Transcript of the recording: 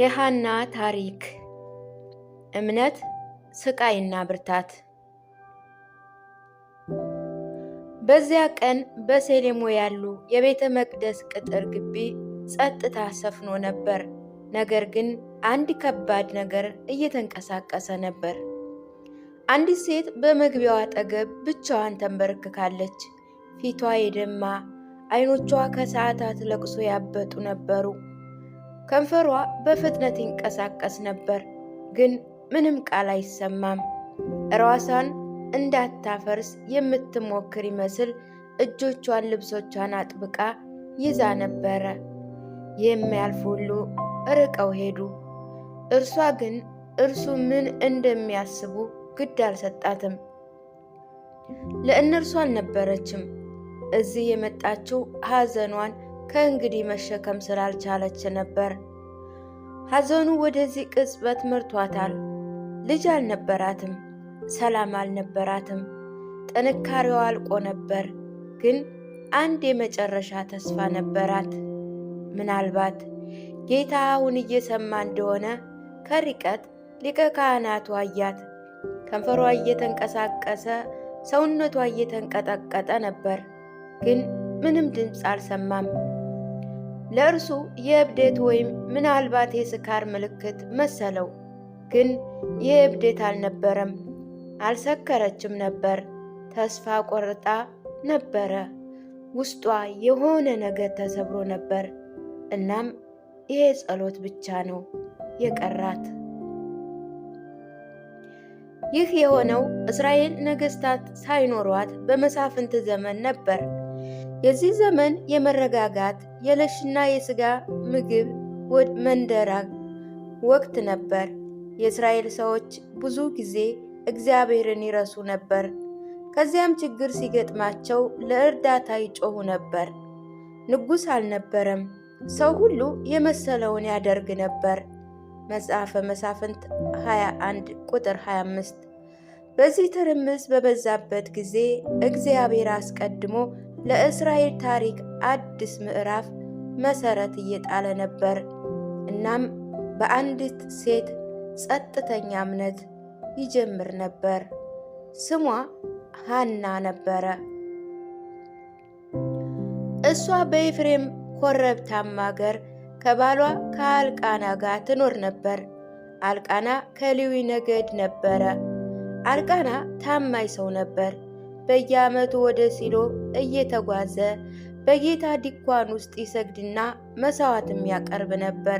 የሃና ታሪክ እምነት ስቃይና ብርታት። በዚያ ቀን በሴሌሞ ያሉ የቤተ መቅደስ ቅጥር ግቢ ጸጥታ ሰፍኖ ነበር። ነገር ግን አንድ ከባድ ነገር እየተንቀሳቀሰ ነበር። አንዲት ሴት በመግቢያው አጠገብ ብቻዋን ተንበርክካለች። ፊቷ የደማ፣ አይኖቿ ከሰዓታት ለቅሶ ያበጡ ነበሩ። ከንፈሯ በፍጥነት ይንቀሳቀስ ነበር፣ ግን ምንም ቃል አይሰማም። ራሷን እንዳታፈርስ የምትሞክር ይመስል እጆቿን ልብሶቿን አጥብቃ ይዛ ነበረ። የሚያልፍ ሁሉ ርቀው ሄዱ። እርሷ ግን እርሱ ምን እንደሚያስቡ ግድ አልሰጣትም። ለእነርሱ አልነበረችም። እዚህ የመጣችው ሐዘኗን ከእንግዲህ መሸከም ስላልቻለች ነበር። ሐዘኑ ወደዚህ ቅጽበት መርቷታል። ልጅ አልነበራትም፣ ሰላም አልነበራትም፣ ጥንካሬዋ አልቆ ነበር። ግን አንድ የመጨረሻ ተስፋ ነበራት። ምናልባት ጌታ አሁን እየሰማ እንደሆነ ከርቀት ሊቀ ካህናቱ አያት። ከንፈሯ እየተንቀሳቀሰ ሰውነቷ እየተንቀጠቀጠ ነበር፣ ግን ምንም ድምፅ አልሰማም። ለእርሱ የእብደት ወይም ምናልባት የስካር ምልክት መሰለው። ግን ይህ አልነበረም። አልሰከረችም ነበር። ተስፋ ቆርጣ ነበረ። ውስጧ የሆነ ነገር ተሰብሮ ነበር። እናም ይሄ ጸሎት ብቻ ነው የቀራት። ይህ የሆነው እስራኤል ነገስታት ሳይኖሯት በመሳፍንት ዘመን ነበር። የዚህ ዘመን የመረጋጋት የለሽና የስጋ ምግብ መንደራ ወቅት ነበር። የእስራኤል ሰዎች ብዙ ጊዜ እግዚአብሔርን ይረሱ ነበር። ከዚያም ችግር ሲገጥማቸው ለእርዳታ ይጮሁ ነበር። ንጉሥ አልነበረም። ሰው ሁሉ የመሰለውን ያደርግ ነበር። መጽሐፈ መሳፍንት 21 ቁጥር 25። በዚህ ትርምስ በበዛበት ጊዜ እግዚአብሔር አስቀድሞ ለእስራኤል ታሪክ አዲስ ምዕራፍ መሰረት እየጣለ ነበር። እናም በአንዲት ሴት ጸጥተኛ እምነት ይጀምር ነበር። ስሟ ሃና ነበረ። እሷ በኤፍሬም ኮረብታማ አገር ከባሏ ከአልቃና ጋር ትኖር ነበር። አልቃና ከሌዊ ነገድ ነበረ። አልቃና ታማኝ ሰው ነበር። በየዓመቱ ወደ ሲሎ እየተጓዘ በጌታ ድንኳን ውስጥ ይሰግድና መሥዋዕትም ያቀርብ ነበር።